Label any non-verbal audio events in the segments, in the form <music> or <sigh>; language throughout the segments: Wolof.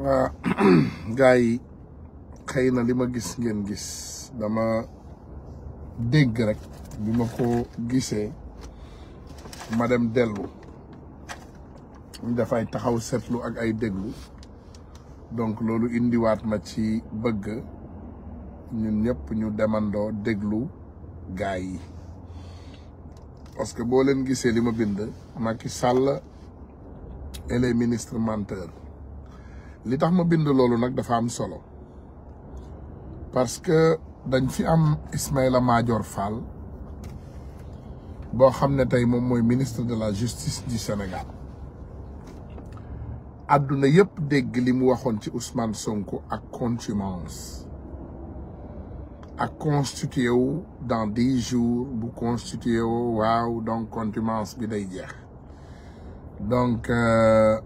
waa gars <clears throat> yi xëy na li ma gis ngeen gis dama dégg rek bi ma ko gisee ma dem dellu dafay taxaw seetlu ak ay déglu donc loolu indiwaat ma ci bëgg ñun ñëpp ñu demandoo déglu gars yi parce que boo leen gisee li ma bind Macky Sall et les ministres menteurs li tax ma bind loolu nag dafa am solo parce que dañ fi am Ismaïla Madior Fall boo xam ne tey moom mooy ministre de la justice du Sénégal àdduna yépp dégg li mu waxoon ci Ousmane Sonko ak contumace ak wu dans dix bu constitué wu waaw donc contumace bi day jeex euh,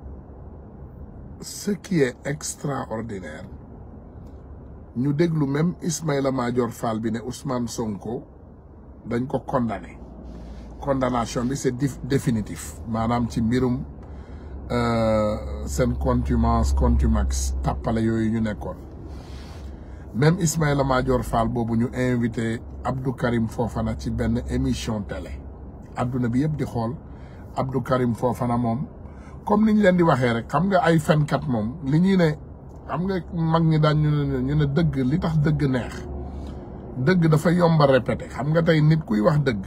ce qui est extraordinaire ñu déglu même Ismaïla Madior Fall bi ne Ousmane Sonko dañ ko condamné condamnation bi c'est définitif maanaam ci mbirum euh, seen contumace contumax tàppale yooyu ñu nekkoon même Ismaïla Madior Fall boobu ñu invité Abdou Karim Fofana ci benn émission télé adduna bi yëpp di xool Abdou Karim Fofana moom comme ni ñu leen di waxee rek xam nga ay fenkat moom li ñuy ne xam nga mag ñi daan ñu ne dëgg li tax dëgg neex dëgg dafa yomba a xam nga tey nit kuy wax dëgg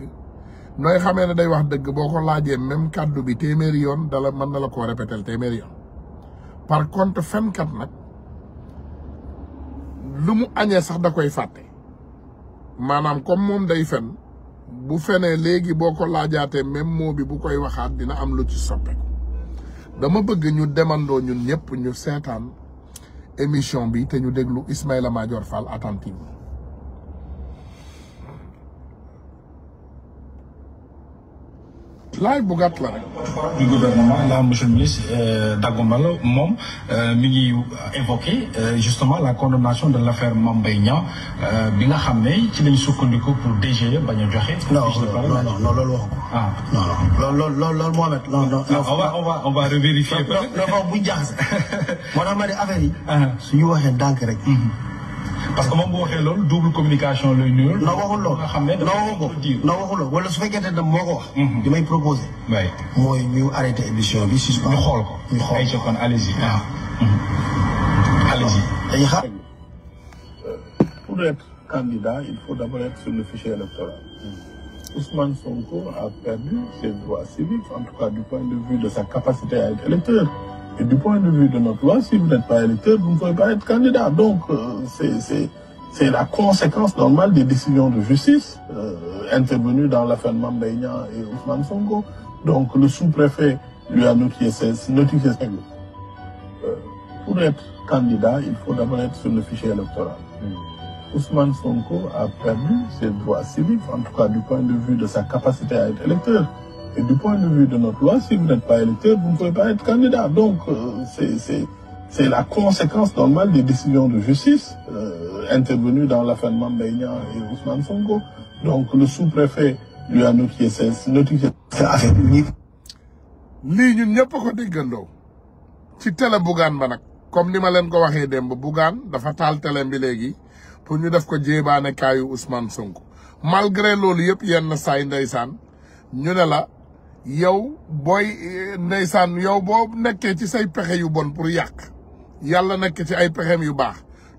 nooy xamee ne day wax dëgg boo ko laajee même kàddu bi téeméeri yoon dala mën na la koo répété téeméeri yoon par contre fenkat nag lu mu añee sax da koy fàtte maanaam comme moom day fen bu fenee léegi boo ko laajaatee même mot bi bu koy waxaat dina am lu ci soppeeku. dama bëgg ñu demandoo ñun ñëpp ñu seetaan émission bi te ñu déglu Ismaïla Madior Fall attentivement laaj bu gàtt la rek. du gouvernement là monsieur le ministre euh, dagguma la moom euh, mi ngi euh, évoqué justement la condamnation de la l' affaire Mame Mbaye Niang bi nga xam ne ci lañ sukkandiku pour DGE bañ a joxe. non non non loolu wax ko. ah non non loolu loolu loolu Mohamed. non non ah, on va on va on va revérifier. non non bu ñu jaxase. <laughs> moo tax ma ne affaire yi. Ah. su ñu waxee ndànk rek. Mm-hmm. parce que moom bu waxee double communication le nuyul. na waxul loolu xam ne na waxul ko na wala su fekkente ne moo ko wax. Mhm. may proposé. mooy ñu arrêté émission bi si ñu xool ko xool ko ay jokkoon allez-y. waaw. Ah. Mhm. allez-y. Euh, candidat il faut d'abord être sur le fichier électoral. Mhm. Ousmane Sonko a perdu de vue de sa capacité à être Et du point de vue de notre loi, si vous n'êtes pas électeur, vous ne pouvez pas être candidat. Donc, euh, c'est la conséquence normale des décisions de justice euh, intervenues dans l'affaire Mambeignan et Ousmane Sonko. Donc, le sous-préfet lui a notifié ses euh, Pour être candidat, il faut d'abord être sur le fichier électoral. Mm. Sonko a perdu ses droits civiques, en tout cas du point de vue de sa capacité à être électeur. du point de vue de notre loi, si vous n'êtes pas électeur, vous ne pouvez pas être candidat. Donc, euh, c'est la conséquence normale des décisions de justice euh, intervenues dans l'affaire Mambeignan et Ousmane Sonko. Donc, le sous-préfet lui a notifié cette notifié affaire lii ñun ñëpp ko déggandoo ci télé Bougane ba nag comme ni ma leen ko waxee bu Bougane dafa taal télé bi léegi pour ñu def ko jéebaane kaayu Ousmane Sonko malgré loolu yëpp na saay ndeysaan ñu ne la yow booy eh, ndeysaan yow boo nekkee ci say pexe yu bon pour yàq yàlla nekk ci ay pexeem yu baax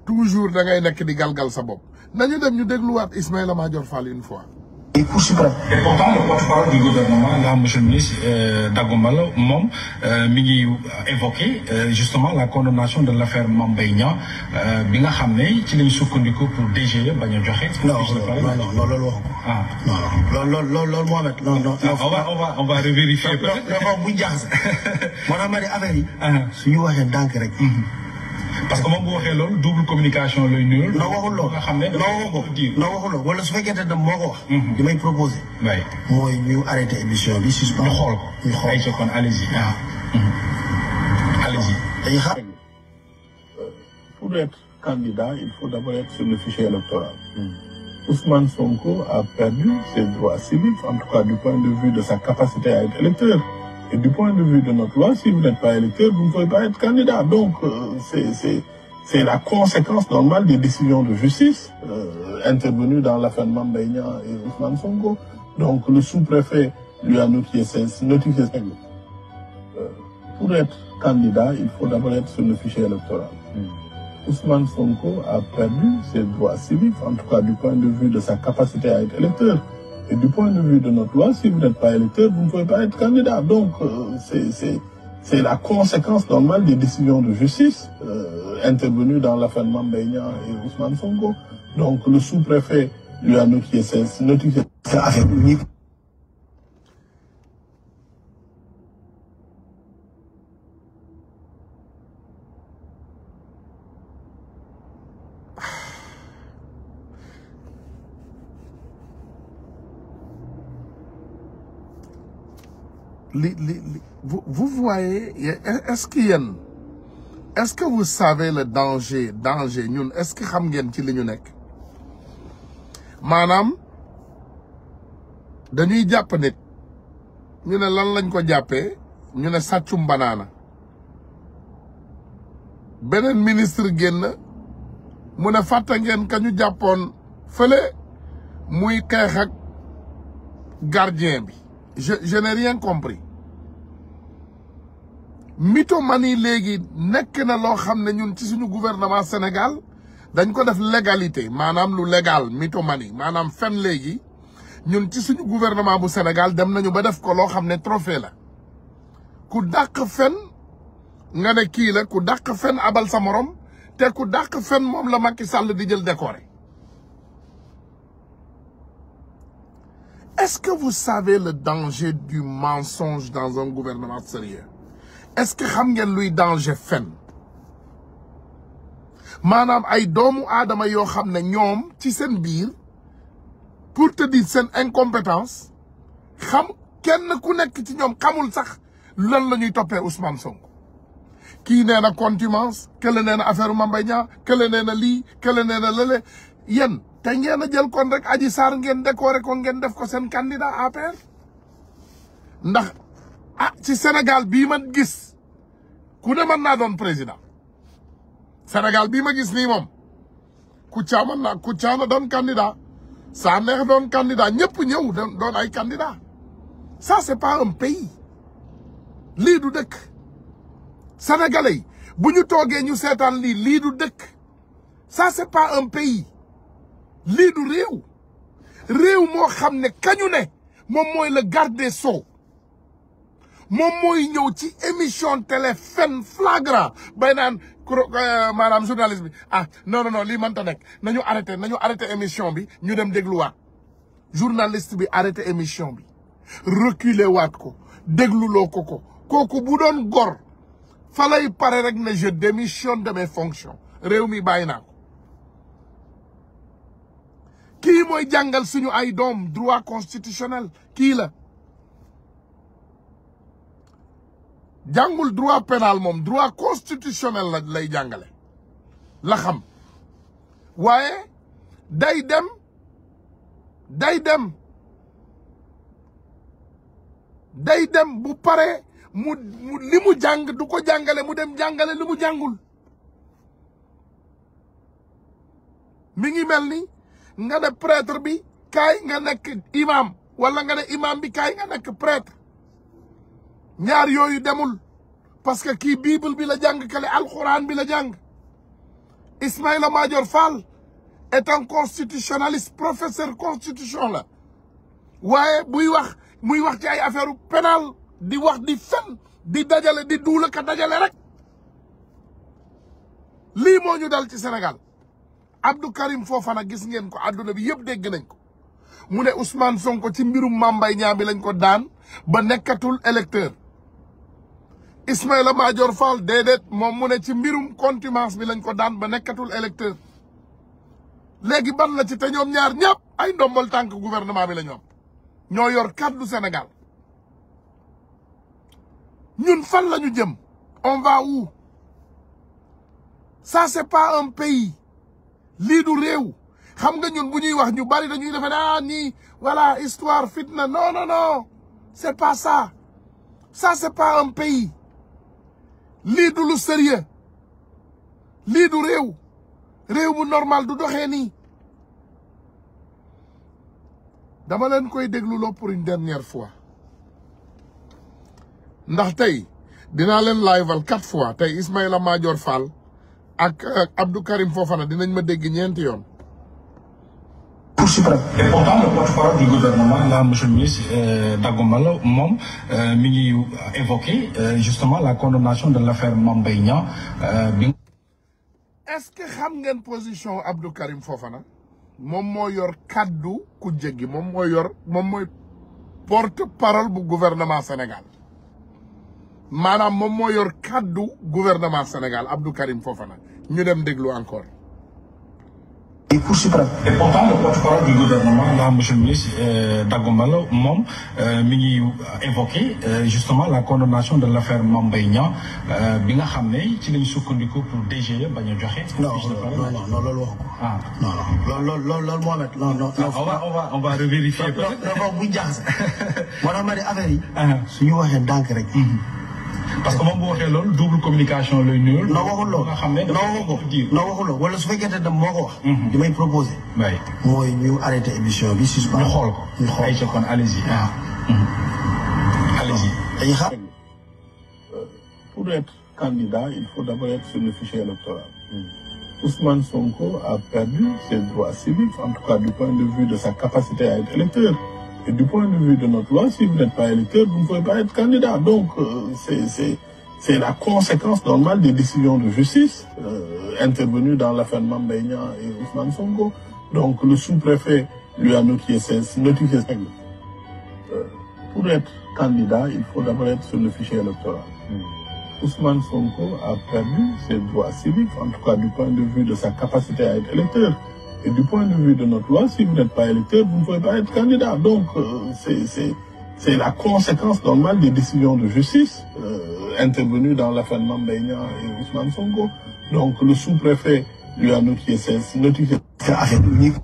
toujours da ngay nekk di galgal sa bopp nañu dem ñu dégluwaat Ismaïla Madior Fall une fois et Cour suprême. et pourtant le porte-parole du gouvernement là monsieur le ministre euh, Dagou Mbalo moom euh, mi ngi évoqué euh, justement la condamnation de l'affaire Mame Mbaye bi nga xam ne ci lañ sukkandiku pour DGE bañ a joxe. non non non loolu waxu ko. ah non non loolu loolu loolu Mohamed. non non ah, on va on va on va revérifier. non non non bu ñu jaaxase. <laughs> moo tax ma ne ah. waxee ndànk rek. Mm-hmm. parce que moom bu waxee loolu double communication lay nuyul. noo waxul loolu nga xam ne noo ko diir noo waxul loolu wala su fekkente ne moo ko wax. Mhm. li may proposé. waaye mooy ñu arrêté émission bi suspend. ñu xool ko ñu xool ko kon allez-y. waaw. Ah. Mhm. allez-y. dañuy xaar. Euh, pour être candidat il faut d'abord être sur le fichier électoral. Hmm. Ousmane Sonko a perdu ses droits civiques en tout cas du point de vue de sa capacité à être électeur. Et du point de vue de notre loi, si vous n'êtes pas électeur, vous ne pouvez pas être candidat. Donc, euh, c'est la conséquence normale des décisions de justice euh, intervenues dans l'affaire Mambaïna et Ousmane Sonko. Donc, le sous-préfet lui a notifié, notifié euh, Pour être candidat, il faut d'abord être sur le fichier électoral. Mm. Sonko a perdu ses droits civiques, en tout cas du point de vue de sa capacité à être électeur. Et du point de vue de notre loi, si vous n'êtes pas électeur, vous ne pouvez pas être candidat. Donc, euh, c'est la conséquence normale des décisions de justice euh, intervenues dans l'affaire Mambeigna et Ousmane Sonko. Donc, le sous-préfet lui a notifié cette affaire unique. li li vous vous voyez est-ce que yéen est-ce que vous savez le danger danger ñun est-ce que xam ngeen ci li ñu nekk maanaam dañuy jàpp nit ñu ne lan lañ ko jàppee ñu ne sàccum banaana beneen ministre génn mu ne fàtte ngeen ka ñu jàppoon fële muy xeex ak gardien bi je je n'ai rien compris léegi nekk na loo xam ne ñun ci suñu gouvernement Sénégal dañ ko def légalité maanaam lu légal mythomanie maanaam fen léegi ñun ci suñu gouvernement bu Sénégal dem nañu ba def ko loo xam ne trophée la ku dàq fen nga ne kii la ku daq fen abal sa morom te ku dàq fen moom la Macky Sall di jël décoré Est-ce que vous savez le danger du mensonge dans un gouvernement sérieux est-ce que xam ngeen luy danger fen maanaam ay doomu aadama yoo xam ne ñoom ci seen biir pour te dire seen incompétence xam kenn ku nekk ci ñoom xamul sax lan la ñuy toppee Ousmane Sonko kii nee na contumace kële nee na affaire Mame Mbaye Niang kële nee na lii kële nee na lële yéen te ngeen a jël kon rek Adji Sarr ngeen décorer ko ngeen def ko seen candidat APR ndax a ah, ci senegal bii ma gis ku ne mën naa doon président Sénégal bii ma gis nii moom ku caa mën naa ku caa na doon candidat saa neex doon candidat ñëpp ñëw doon ay candidat ça c'est pas lii du dëkk sénégalais bu ñu toogee ñu seetaan lii lii du dëkk ça c'est pas lii du réew réew moo xam ne kañu ne moom mooy le garde des sceaux moom mooy ñëw ci émission télé fen flagrant bay naan euh, maanaam journaliste bi ah non non non lii mënta nekk nañu arrêté nañu arrêté émission bi ñu dem dégluwaat journaliste bi arrêté émission bi reculer waat ko dégluloo ko ko kooku bu doon gor falay pare rek ne je démissionne de mes fonctions réew mi bàyyi naa kii mooy jàngal suñu ay doom droit constitutionnel kii la jàngul droit pénal moom droit constitutionnel lay jàngale laxam waaye day dem day dem day dem bu paree mu li mu jàng du ko jàngale mu dem jàngale li mu jàngul mi ngi mel ni nga ne prêtre bi kaay nga nekk imam wala nga ne imam bi kaay nga nekk prêtre ñaar yooyu demul parce que kii bible bi la jàng kale alxuraan bi la jàng Ismaïla Madior Fall est un constitutionnaliste professeur constitution la waaye buy wax muy wax ci ay affaire pénal di wax di fen di dajale di duula ka dajale rek lii moo ñu dal ci Sénégal Abdou Karim Fofana gis ngeen ko àdduna bi yëpp dégg nañ ko mu ne usman Sonko ci mbirum Mambay ñaa bi lañ ko daan ba nekkatul électeur Ismaïla Madior Fall déedéet moom mu ne ci mbirum contumace bi lañ ko daan ba nekkatul électeur léegi ban la ci te ñoom ñaar ñëpp ay ndombal tànk guvernement bi la ñoom ñoo yor kàddu Sénégal ñun fan lañu jëm on va où ça c'est pas un pays lii du réew xam nga ñun bu ñuy wax ñu bari dañuy defe naa ah, nii voilà histoire fitna non non non c'est pas ça ça c'est pas un pays lii du lu sérieux lii du réew réew mu normal du doxee ni dama leen koy déglu loo pour une dernière fois ndax tey dinaa leen laajal quatre fois tey Ismaïla Madior Fall ak Abdou Karim Fofana dinañ ma dégg ñeenti yoon. Cour suprême. Et porte-parole du gouvernement là monsieur ministre euh, Dagoma moom euh, mi ngi évoqué euh, justement la condamnation de l'affaire Mame Mbaye Niang bi. Est-ce que xam ngeen position Abdou Karim Fofana moom moo yor kaddu ku jéggi moom moo yor moom mooy porte-parole bu gouvernement Sénégal maanaam moom moo yor kaddu gouvernement Sénégal Abdou Karim Fofana. ñu dem déglu encore. et Cour euh, moom euh, mi ngi évoqué euh, justement la condamnation de l'affaire Mame Mbaye Niang euh, bi nga xam ne ci lañ sukkandiku pour DGE bañ a joxe. non non lool loolu wax ko. ah non non loolu loolu loolu moo nekk non ñu ah, jaxase. <laughs> moo tax ma ne affaire yi. Ah. suñu waxee dank rek. Mm-hmm. parce que moom bu waxee loolu double communication le nuyul. noo waxul loolu nga xam ne noo waxul noo waxul loolu wala su fekkee dem moo ko wax. Mhm. li may proposé. oui mooy ñu arrêté émission bi suspendre. ñu xool ko ñu xool ay cokkoon allez-y. waaw. Ah. Mhm. allez-y. dañuy xaar. Euh, pour être candidat il faut d'abord être sur le fichier électoral. Hmm. Ousmane Sonko a perdu ses droits civiques en tout cas du point de vue sa capacité à être Et du point de vue de notre loi, si vous n'êtes pas électeur, vous ne pouvez pas être candidat. Donc, euh, c'est la conséquence normale des décisions de justice euh, intervenues dans l'affaire Mambeigna et Ousmane Sonko. Donc, le sous-préfet lui a notifié ses, notifié ses... Euh, pour être candidat, il faut d'abord être sur le fichier électoral. Mm. Sonko a perdu ses droits civiques, en tout cas du point de vue de sa capacité à être électeur. Et du point de vue de notre loi, si vous n'êtes pas électeur, vous ne pouvez pas Donc, euh, c'est la conséquence normale des décisions de justice euh, intervenues dans l'affaire Mambeigna et Ousmane Sonko. Donc, le sous-préfet lui a notifié ses notifications.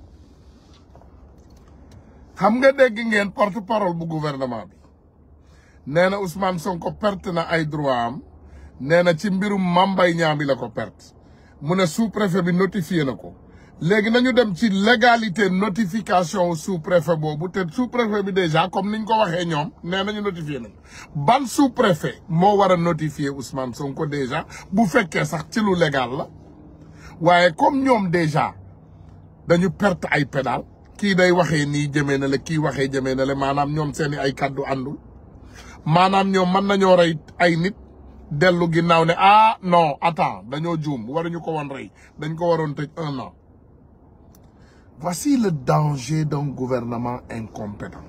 xam nga dégg ngeen porte parole bu gouvernement bi nee na Ousmane Sonko perte na ay droit am nee na ci mbirum Mame Mbaye bi la ko perte mu ne sous-préfet bi notifié na ko léegi nañu dem ci légalité notification sous boobu te sous-préfet bi déjà comme niñ ko waxee ñoom nee nañu notifié nañu ban sous-préfet moo war a notifié Ousmane Sonko déjà bu fekkee sax ci lu légal la waaye comme ñoom déjà dañu perte ay pédal kii day waxee nii jëmee na la kii waxee jëmee na maanaam ñoom seeni ay kàddu àndul maanaam ñoom mën nañoo rey ay nit dellu ginnaaw ne ah non attends dañoo juum waruñu ko woon rey dañ ko waroon tëj un voici le danger d'un gouvernement incompétent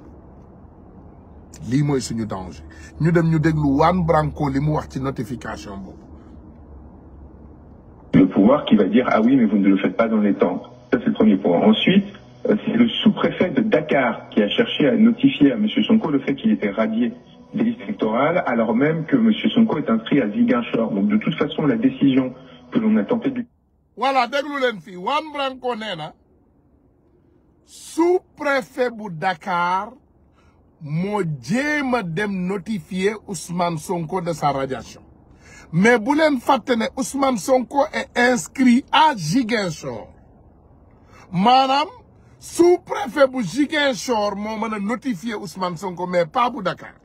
lii mooy suñu danger ñu dem ñu déglu Juan Branco li mu wax ci notification boobu. le pouvoir qui va dire ah oui mais vous ne le faites pas dans les temps c'est le premier point ensuite euh, c'est le sous-préfet de Dakar qui a cherché à notifier à monsieur Sonko le fait qu'il était radié des listes électorales alors même que monsieur Sonko est inscrit à Ziguinchor donc de toute façon la décision que l'on a tenté de. voilà déglu leen Branco nee su préfet bu Dakar moo jéem a dem notifier Ousmane Sonko de sa mais bu leen fàtte ne Ousmane Sonko est inscrit à Ziguinchor maanaam sous-préfet bu Ziguinchor moo mën a notifier Ousmane Sonko mais pas bu Dakar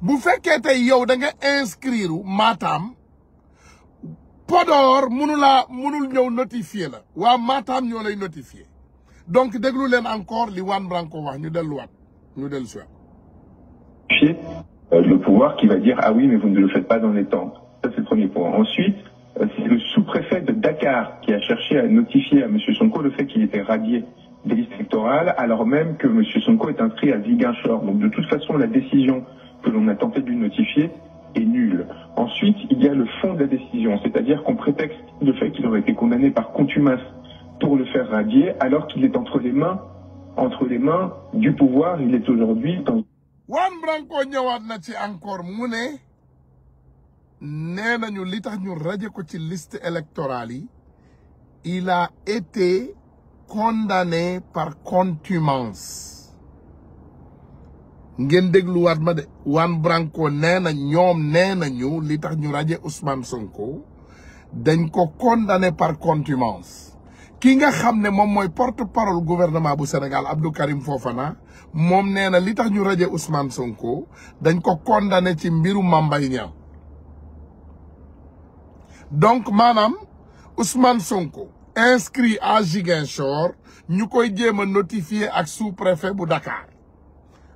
bu fekkee tey yow da nga inscrire Matam Podor mënu laa mënul ñëw notifier la waa Matam ñoo lay notifier donc déglu leen encore li Juan Branco wax delluwaat ñu dellu si waat. Euh, le pouvoir qui va dire ah oui mais vous ne le faites pas dans les temps ça c'est le premier point ensuite euh, c'est le sous-préfet de Dakar qui a cherché à notifier à monsieur Sonko le fait qu'il était radié des listes électorales alors même que monsieur Sonko est inscrit à Ziguinchor donc de toute façon la décision que l'on a tenté de lui notifier est nulle ensuite il y a le fond de la décision c'est-à-dire qu'on prétexte le fait qu'il aurait été condamné pour le faire radier alors qu'il est entre les mains, entre les mains du pouvoir. Il est aujourd'hui dans... Branco ñëwaat na ci encore mu ne nee nañu litax tax ñu raje ko ci liste électorale yi il a été condamné par contumace ngeen dégluwaat ma de Juan Branco nee na ñoom nee nañu li ñu raje Ousmane Sonko dañ ko condamné par contumace ki nga xam ne moom mooy porte parole gouvernement bu Sénégal Abdou Karim Fofana moom nee na li tax ñu raje Ousmane Sonko dañ ko condamné ci mbiru Mame Mbaye donc maanaam Ousmane Sonko inscrit à Ziguinchor ñu koy jéem a notifié ak sous-préfet bu Dakar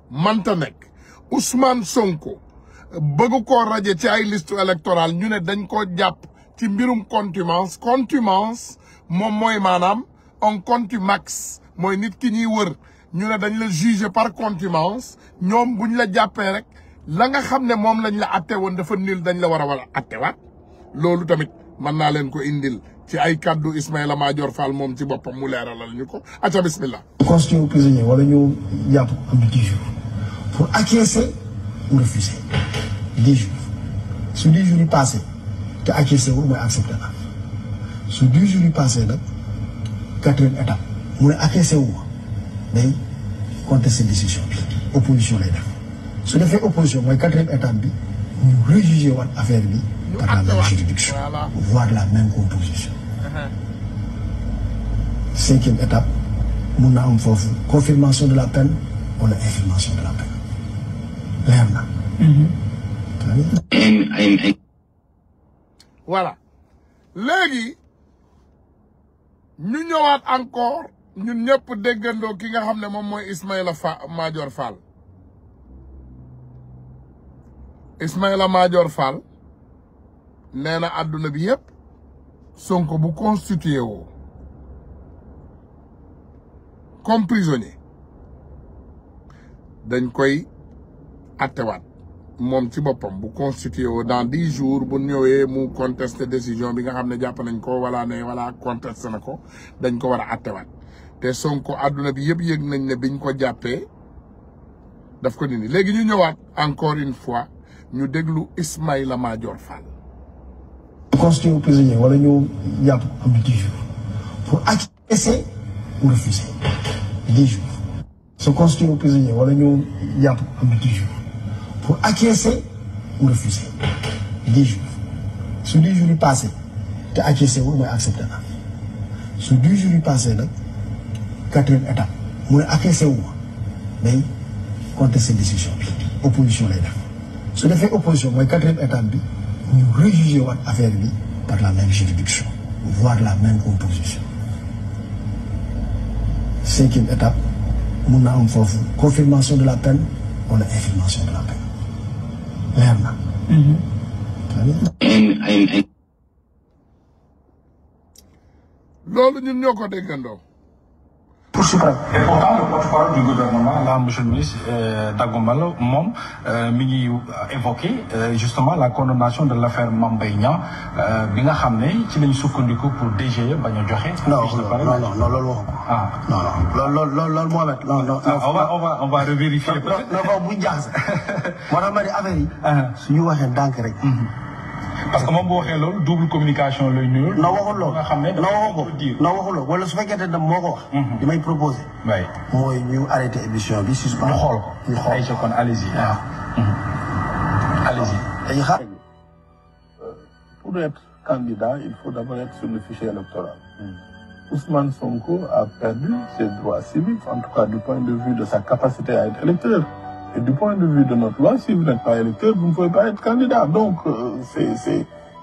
manta nekk Ousmane Sonko bëgg ko raje ci ay liste électorale ñu ne dañ ko jàpp ci mbirum contumace contumace moom mooy maanaam un contumax mooy nit ki ñuy wër ñu ne dañ la juger par contumace ñoom bu ñu la jàppee rek la nga xam ne moom lañ la atte woon dafa niil dañ la war a war a attewaat loolu tamit mën naa leen ko indil ci ay kaddu Ismaïla Madior Fall moom ci boppam mu leeralal ñu ko aca bismillah constitué prisonnier wala ñu jàpp am na dix jours pour acquiescer ou refuser dix su dix yi passé te acquiescer wul mooy accepté su dix jours yi passé nag quatrième étape mu ne affaissé wu ma day contester décision bi opposition lay def su defee opposition mooy quatrième étape bi ñu rejuger waat affaire bi par la même juridiction voire la même composition uh-huh. cinquième étape mun na am foofu confirmation de la peine wala infirmation de la peine leer na mm-hmm. ñu ñëwaat encore ñu ñëpp déggandoo ki nga xam ne moom mooy Ismaïla Fa Madior Fall Ismaïla Madior Fall nee na àdduna bi yëpp Sonko bu constitué woo comme prisonnier dañ koy attewaat moom ci boppam bu constitué woo dans dix jours bu ñëwee mu contesté décision bi nga xam ne jàpp nañ ko wala ne wala contesté na ko dañ ko war a attewaat te Sonko àdduna bi yëpp yëg nañ ne biñ ko jàppee daf ko dindi léegi ñu ñëwaat encore une fois ñu déglu Ismaïla Madior Fall. constitué prisonnier wala ñu jàpp am dix jours pour acquiescer ou wala ñu jàpp am dix pour acquiescer ou refuser dix jours su dix jours yi passé te acquiescer wul mooy accepté na su dix jours yi passé nag quatrième étape mu ne acquiescer wu ma day contester décision bi opposition lay def su defee opposition mooy quatrième étape bi ñu rejuger waat affaire bi par la même juridiction voire la même opposition cinquième étape mun naa am foofu confirmation de la peine wala infirmation de la peine leer mhm. na. loolu ñun ñoo ko déggandoo. Cour suprême. et pourtant le porte-parole du gouvernement là monsieur le ministre euh, euh, mi ngi euh, évoqué justement la condamnation de l'affaire Mame Mbaye Niang bi nga xam ne ci lañ sukkandiku pour DGE bañ a joxe. non non non loolu waxu ko. ah su non loolu loolu loolu moo nekk non non. Ah, on va on va on va revérifier. non non non bu ñu jaaxase. <laughs> moo tax ma ne affaire yi. Ah. suñu waxee ndànk rek. Mm-hmm. parce que moom bu waxee loolu double communication lay nuyu. na waxul loolu nga xam ne na waxoo ko wala su fekkee ne moo ko wax. Mhm. li may proposé. mooy ñu arrêté émission bi suspendre. ñu xool ko ñu xool mhm. euh, pour être candidat il faut d'abord être sur le fichier électoral. Mhm. Ousmane Sonko a perdu ses droits civiques en tout cas du point de vue de sa capacité à être Et du point de vue de notre loi, si vous n'êtes pas électeur, vous ne pouvez pas être candidat. Donc, euh,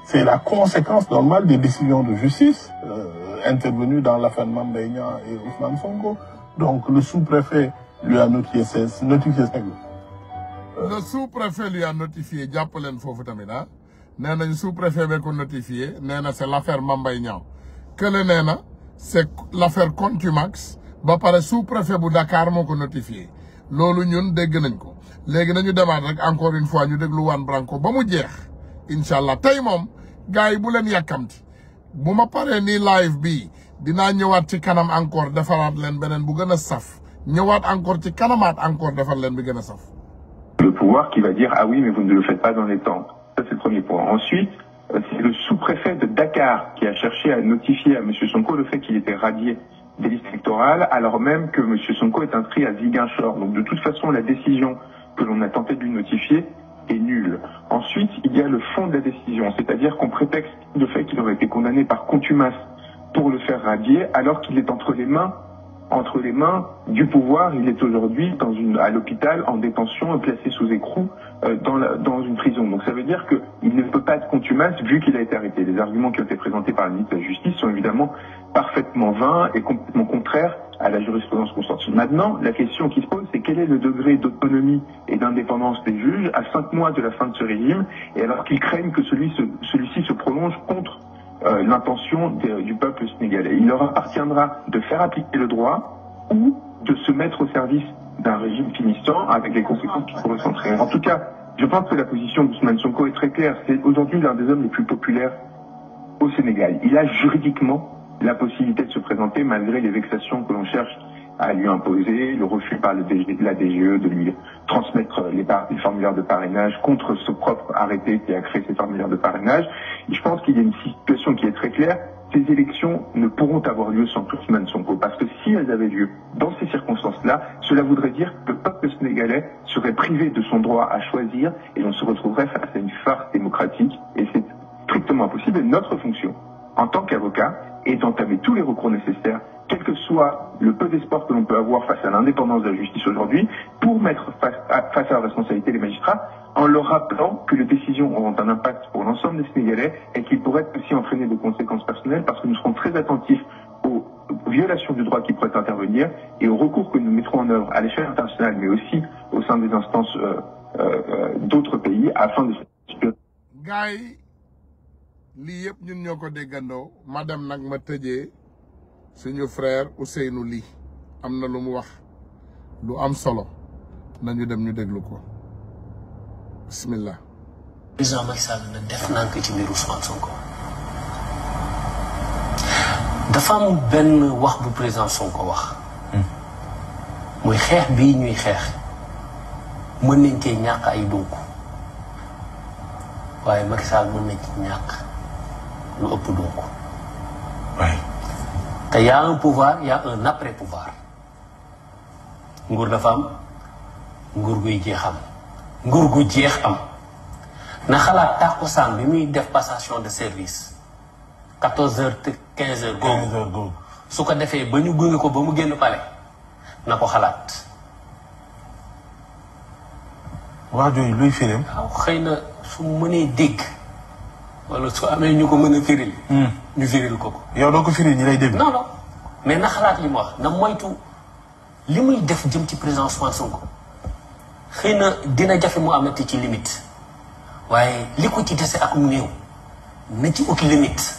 c'est la conséquence normale des décisions de justice euh, intervenues dans l'affaire Mambeignan et Ousmane Sonko. Donc, le sous-préfet lui a notifié, notifié euh, Le sous-préfet lui a notifié, Diapolen Fofutamina, ah. nee nañ sous-préfet bi ko notifié nee na c'est l'affaire Mambay Niang kële nee na c'est l'affaire Contumax ba pare sous-préfet bu Dakar moo ko notifié loolu ñun dégg nañ ko léegi nañu demaat rek encore une fois ñu déglu Juan Branco ba mu jeex incha allah tey moom gars yi bu leen yàkkamti bu ma paree nii live bii dinaa ñëwaat ci kanam encore defaraat leen beneen bu gën a saf ñëwaat encore ci kanamaat encore defar leen bi gën a saf. le pouvoir qui va dire ah oui mais vous ne le faites pas dans les temps ça c'est le premier point ensuite. Euh, c'est le sous-préfet de Dakar qui a cherché à notifier à M. des listes électorales, alors même que M. Sonko est inscrit à Ziguinchor. Donc de toute façon, la décision que l'on a tenté de lui notifier est nulle. Ensuite, il y a le fond de la décision, c'est-à-dire qu'on prétexte le fait qu'il aurait été condamné par contumace pour le faire radier, alors qu'il est entre les mains entre les mains du pouvoir. Il est aujourd'hui à l'hôpital en détention, placé sous écrou euh, dans, une prison. Donc ça veut dire qu'il ne peut pas être contumace vu qu'il a été arrêté. Les arguments qui ont été présentés par le ministre de la Justice sont évidemment parfaitement vains et complètement contraires à la jurisprudence constante. Maintenant, la question qui pose, c'est quel est le degré d'autonomie et d'indépendance des juges à cinq mois euh, l'intention du peuple sénégalais. Il leur appartiendra de faire appliquer le droit ou de se mettre au service d'un régime finissant avec les conséquences qui pourraient s'en En tout cas, je pense que la position d'Ousmane Sonko est très claire. C'est aujourd'hui l'un des hommes les plus populaires au Sénégal. Il a juridiquement la possibilité de se présenter malgré les vexations que l'on cherche à lui imposer, le refus par la DGE de lui transmettre les, formulaires de parrainage contre ce propre arrêté qui a créé ces formulaires de parrainage. je pense qu'il y a une situation qui est très claire. Ces élections ne pourront avoir lieu sans Ousmane Sonko, parce que si elles avaient lieu dans ces circonstances-là, cela voudrait dire que le peuple sénégalais serait privé de son droit à choisir et on se retrouverait face à une farce démocratique. Et c'est strictement impossible. Et notre fonction, en quel que soit le peu d'espoir que l'on peut avoir face à l'indépendance de la justice aujourd'hui, pour mettre face à, la responsabilité des magistrats, en leur rappelant que les décisions auront un impact pour l'ensemble des Sénégalais et qu'ils pourraient aussi entraîner des conséquences personnelles parce que nous serons très attentifs aux violations du droit qui pourraient intervenir et aux recours que nous mettrons en œuvre à l'échelle internationale, suñu frère Ousseynou lii am na lu mu wax lu am solo nañu dem ñu déglu ko bismillah président Macky Sall def nànk ci mbiru Ousmane ko dafa am benn wax bu président Sonko wax muy xeex bii ñuy xeex mën nañ cee ñàkk ay dunk waaye Macky Sall mën nañ ci ñàkk lu ëpp dunk te y a un pouvoir y a après pouvoir nguur dafa am nguur guy jeex am nguur gu jeex am na xalaat tax ko tàkkusaan bi muy def passation de service quatorze heures te quinze heures googu su ko defee ba ñu gunge ko ba mu génn pare na ko xalaat wax jooju e luy firim xëy na su mënee dégg wala su amee ñu ko mën a firil. Hmm. ñu firil ko ko. yow doo ko firil ñi lay dégg. non mais na xalaat li mu wax na moytu li muy def jëm ci président Ousmane Sonko xëy na dina jafe mu amati ci limite waaye li ko ci dese ak mu néew na ci ut limite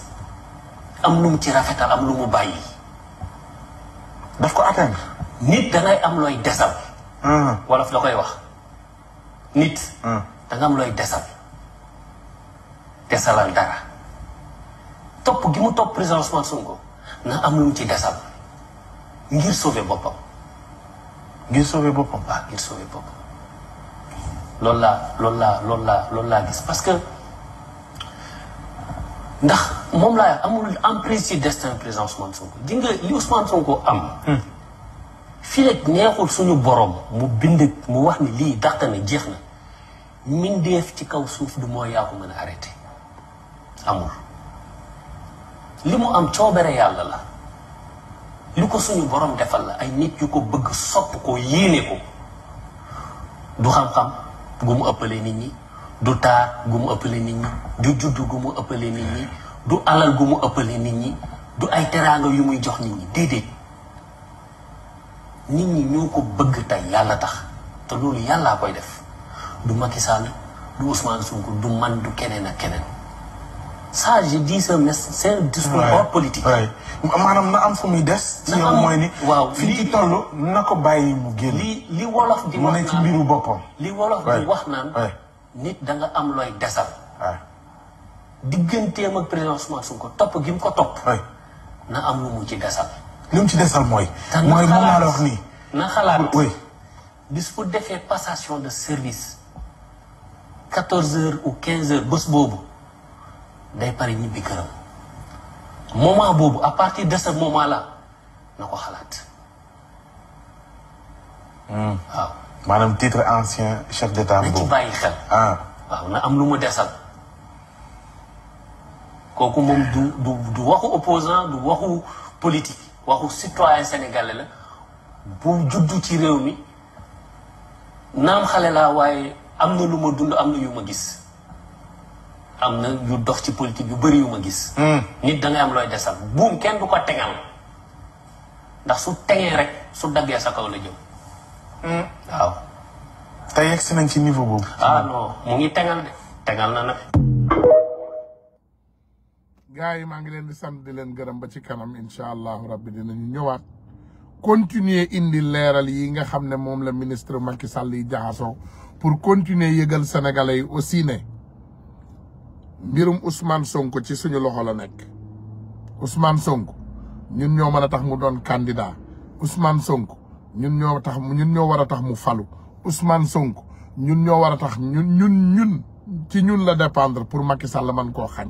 am lu ci rafetal am lu mu bàyyi. daf ko atteindre. nit dangay am looy desal. Hmm. wolof da koy wax nit. Hmm. da am looy desal. desalal dara topp gi mu topp président Ousmane Sonko na am lu mu ci desal ngir sauver boppam. ngir sauver boppam ah ngir sauver boppam loolu laa lool laa lool laa laa gis parce que ndax moom laay amul emprise ci destin président Ousmane Sonko di nga li Ousmane Sonko am. Hmm. fileeg neexul suñu borom mu bind mu wax ni lii dàq na jeex na. mindeef ci kaw suuf du moo yaa ko mën a arrêté. amul li mu am coobare yàlla la lu ko suñu borom defal la ay nit yu ko bëgg sopp ko yéene ko du xam-xam gu mu ëppale nit ñi du taar gu mu ëppale nit ñi du juddu gu mu ëppale nit ñi du alal gu mu ëppale nit ñi du ay teraanga yu muy jox nit ñi déedéet nit ñi ñoo ko bëgg tey yàlla tax te loolu yàllaa koy def du Macky Sall du Ousmane Sonko du man du keneen ak keneen ça j'ai dit di un discours hors politique. maanaam na am fu muy des. ci yow ni waaw fi toll na ko bàyyi mu génn. li li wolof di wax naan mu ne ci mbiru boppam. li wolof di wax naan. nit danga am looy desal. waaw digganteem ak président Ousmane Sonko topp gi mu ko topp. na am lu mu ci desal. li mu ci desal mooy. mooy moom laa la nii. na xalaat bis bu defee passation de service quatorze heures ou quinze heures boobu. day pare ñibbi moom moment boobu à partir de ce moment là na ko xalaat. Hmm. maanaam titre ancien chef d'état boobu na bàyyi xel. Ah. waaw na am lu ma desal. kooku moom du du du waxu opposant du waxu politique waxu citoyen sénégalais la bu juddu ci réew mi naam xale laa waaye am na lu ma dund am na yu ma gis. am na yu dox ci politique yu bëri ma gis. Hmm. nit da ngay am looy desal buum kenn du ko tegal ndax su tegee rek su daggee sa kaw la jëm. Hmm. waaw. te yegg si nañ ci niveau boobu. ah non mu na nag. gars yi maa ngi leen di sant di leen gërëm ba ci kanam incha allahu rabbi dinañu ñëwaat continuer indi leeral yi nga xam ne moom la ministre Macky Sall yi jaxasoo pour continuer yëgal sénégalais yi aussi ne. mbirum Ousmane Sonko ci suñu loxo la nekk Ousmane Sonko ñun ñoo mën a tax mu doon kandidaa usmaan Sonko ñun ñoo tax ñun ñoo war a tax mu falu usmaan Sonko ñun ñoo war a tax ñun ñun ñun ci ñun la dépendre pour Macky Sall man koo xañ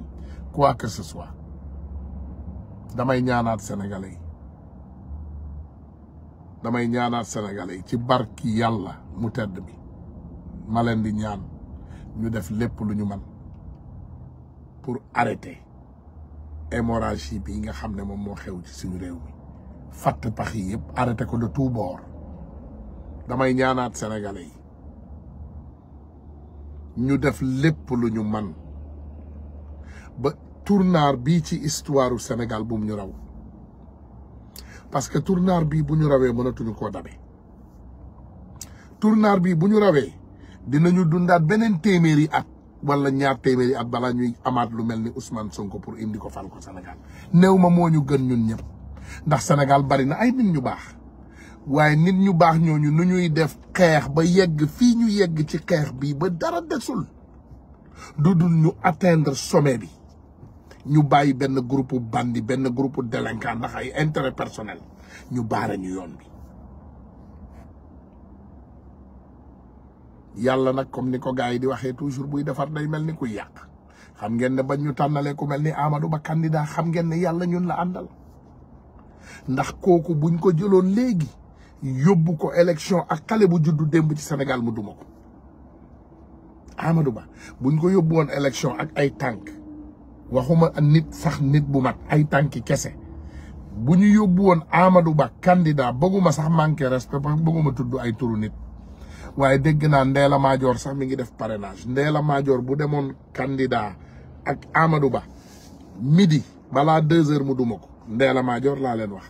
quoi que ce damay ñaanaat sénégalais damay ñaanaat sénégalais yi ci barki yàlla mu tedd bi ma di ñaan ñu def lépp lu ñu man pour arrêter hémorragie bi nga xam ne moom moo xew ci suñu réew mi fatt pax yi yëpp arrêté ko de tout bord damay ñaanaat sénégalais yi ñu def lépp lu ñu man ba tournaar bii ci histoire u Sénégal bu mu ñu raw parce que tournaar bii bu ñu rawee mënatuñu koo dabe tournaar bii bu ñu rawee dinañu dundaat beneen téeméeri at wala ñaar téeméeri at bala ñuy amaat lu mel ni Ousmane Sonko pour indi ko fal ko Sénégal néew ma moo ñu gën ñun ñëpp ndax Sénégal bari na ay nit ñu baax waaye nit ñu baax ñooñu nu ñuy def xeex ba yegg fii ñu yegg ci xeex bi ba dara desul du dul ñu atteindre some bi ñu bàyyi benn groupe bandi benn groupe délinquant ndax ay intérêt personnel ñu baare ñu yoon bi yàlla nag comme ni ko gars yi di waxee toujours buy defar day mel ni ku yàq xam ngeen ne ba ñu tànnalee ku mel ni Amadou Ba candidat xam ngeen ne yàlla ñun la àndal ndax kooku buñ ko jëloon léegi yóbbu ko élection ak xale bu juddu démb ci Sénégal mu duma ko Amadou Ba buñ ko yóbbu woon élection ak ay tànk waxuma nit sax nit bu mat ay tànki kese bu ñu yóbbu woon amadu Ba candidat bëgguma sax manqué respect bëgguma tudd ay turu nit waaye dégg naa ndeela Madior sax mi ngi def parrainage Ndella Madior bu demoon candidat ak Amadou Ba midi balaa deux heures mu duma ko Ndella Madior laa leen wax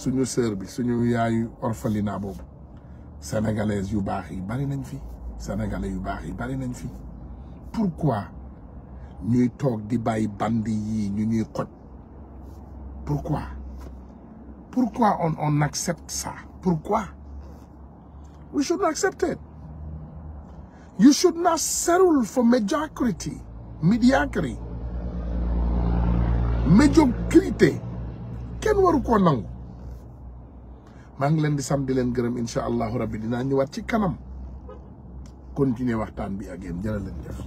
suñu sœur bi suñu yaayu orphelinat boobu sénégalaises yu baax yi bari nañ fi sénégalais yu baax yi bari nañ fi pourquoi ñuy toog di bàyyi bandi yii ñu ñuy xoj pourquoi pourquoi on on accepte ça pourquoi We shouldn't accept it. You should not settle for mediocrity, mediocrity, mediocrity. kenn waru koo nangu maa ngi leen di sant di leen gërëm incha allahu rabbi dinaa ñëwaat ci kanam continuer waxtaan bi ak yéen jërë leen jëf